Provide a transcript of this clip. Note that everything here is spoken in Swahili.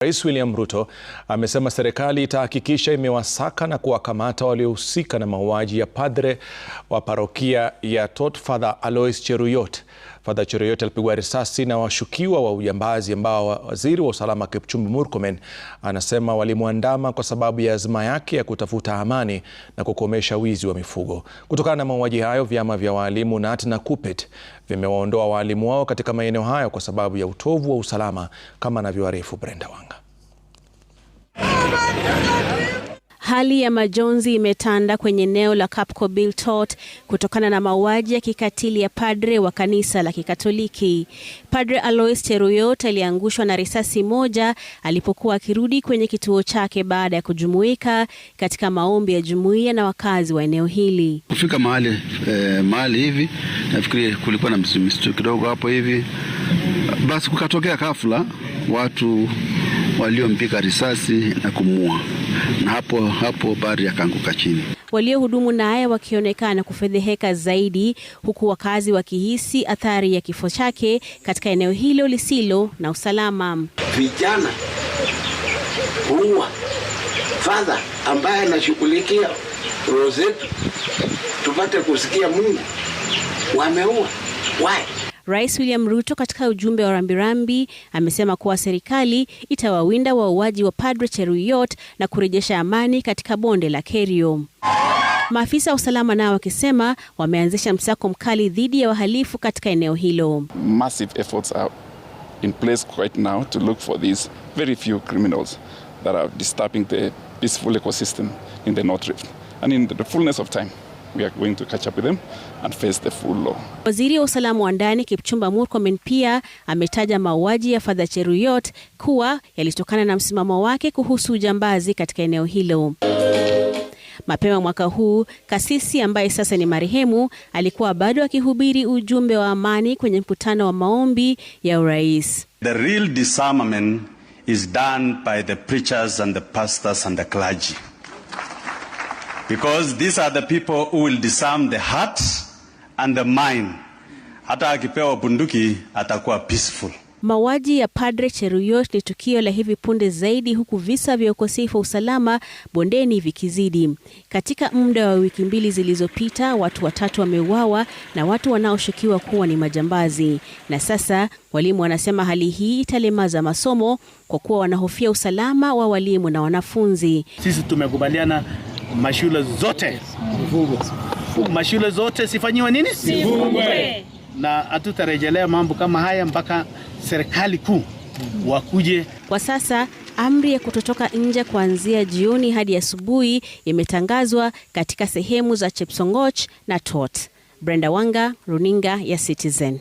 Rais William Ruto amesema serikali itahakikisha imewasaka na kuwakamata waliohusika na mauaji ya padre wa parokia ya Tot Father Alois Cheruyot. Fadha yote alipigwa risasi na washukiwa wa ujambazi ambao waziri wa usalama Kipchumba Murkomen anasema walimwandama kwa sababu ya azma yake ya kutafuta amani na kukomesha wizi wa mifugo. Kutokana na mauaji hayo, vyama vya waalimu KNUT na KUPPET vimewaondoa waalimu wao katika maeneo hayo kwa sababu ya utovu wa usalama, kama anavyoarifu Brenda Wanga. Hali ya majonzi imetanda kwenye eneo la Kapko Tot kutokana na mauaji ya kikatili ya padre wa kanisa la Kikatoliki. Padre Alois Cheruyot aliangushwa na risasi moja alipokuwa akirudi kwenye kituo chake baada ya kujumuika katika maombi ya jumuiya na wakazi wa eneo hili. Kufika mahali eh, mahali hivi nafikiri kulikuwa na msitu kidogo hapo hivi, basi kukatokea kafla watu waliompiga risasi na kumua, na hapo hapo Bari akaanguka chini. Waliohudumu naye wakionekana kufedheheka zaidi, huku wakazi wakihisi athari ya kifo chake katika eneo hilo lisilo na usalama. Vijana huwa fadha ambaye anashughulikia roho zetu tupate kusikia Mungu wameua wai Rais William Ruto katika ujumbe wa rambirambi amesema kuwa serikali itawawinda wauaji wa Padre Cheruyot na kurejesha amani katika bonde la Kerio. Maafisa wa usalama nao wakisema wameanzisha msako mkali dhidi ya wahalifu katika eneo hilo. Massive efforts are in place right now to look for these very few criminals that are disturbing the peaceful ecosystem in the North Rift and in the fullness of time we are going to catch up with them and face the full law. Waziri wa usalama wa ndani Kipchumba Murkomen pia ametaja mauaji ya Fadha Cheruyot kuwa yalitokana na msimamo wake kuhusu ujambazi katika eneo hilo. Mapema mwaka huu kasisi ambaye sasa ni marehemu alikuwa bado akihubiri ujumbe wa amani kwenye mkutano wa maombi ya urais. The real disarmament is done by the preachers and the pastors and the clergy because these are the people who will disarm the heart and the mind. Hata akipewa bunduki atakuwa peaceful. Mauaji ya Padre Cheruyot ni tukio la hivi punde zaidi, huku visa vya ukosefu wa usalama bondeni vikizidi. Katika muda wa wiki mbili zilizopita, watu watatu wameuawa na watu wanaoshukiwa kuwa ni majambazi, na sasa walimu wanasema hali hii italemaza masomo kwa kuwa wanahofia usalama wa walimu na wanafunzi. Sisi tumekubaliana mashule zote mashule zote sifanyiwe nini? Sifungwe. Na hatutarejelea mambo kama haya mpaka serikali kuu wakuje. Kwa sasa amri ya kutotoka nje kuanzia jioni hadi asubuhi imetangazwa katika sehemu za Chepsongoch na Tot. Brenda Wanga, Runinga ya Citizen.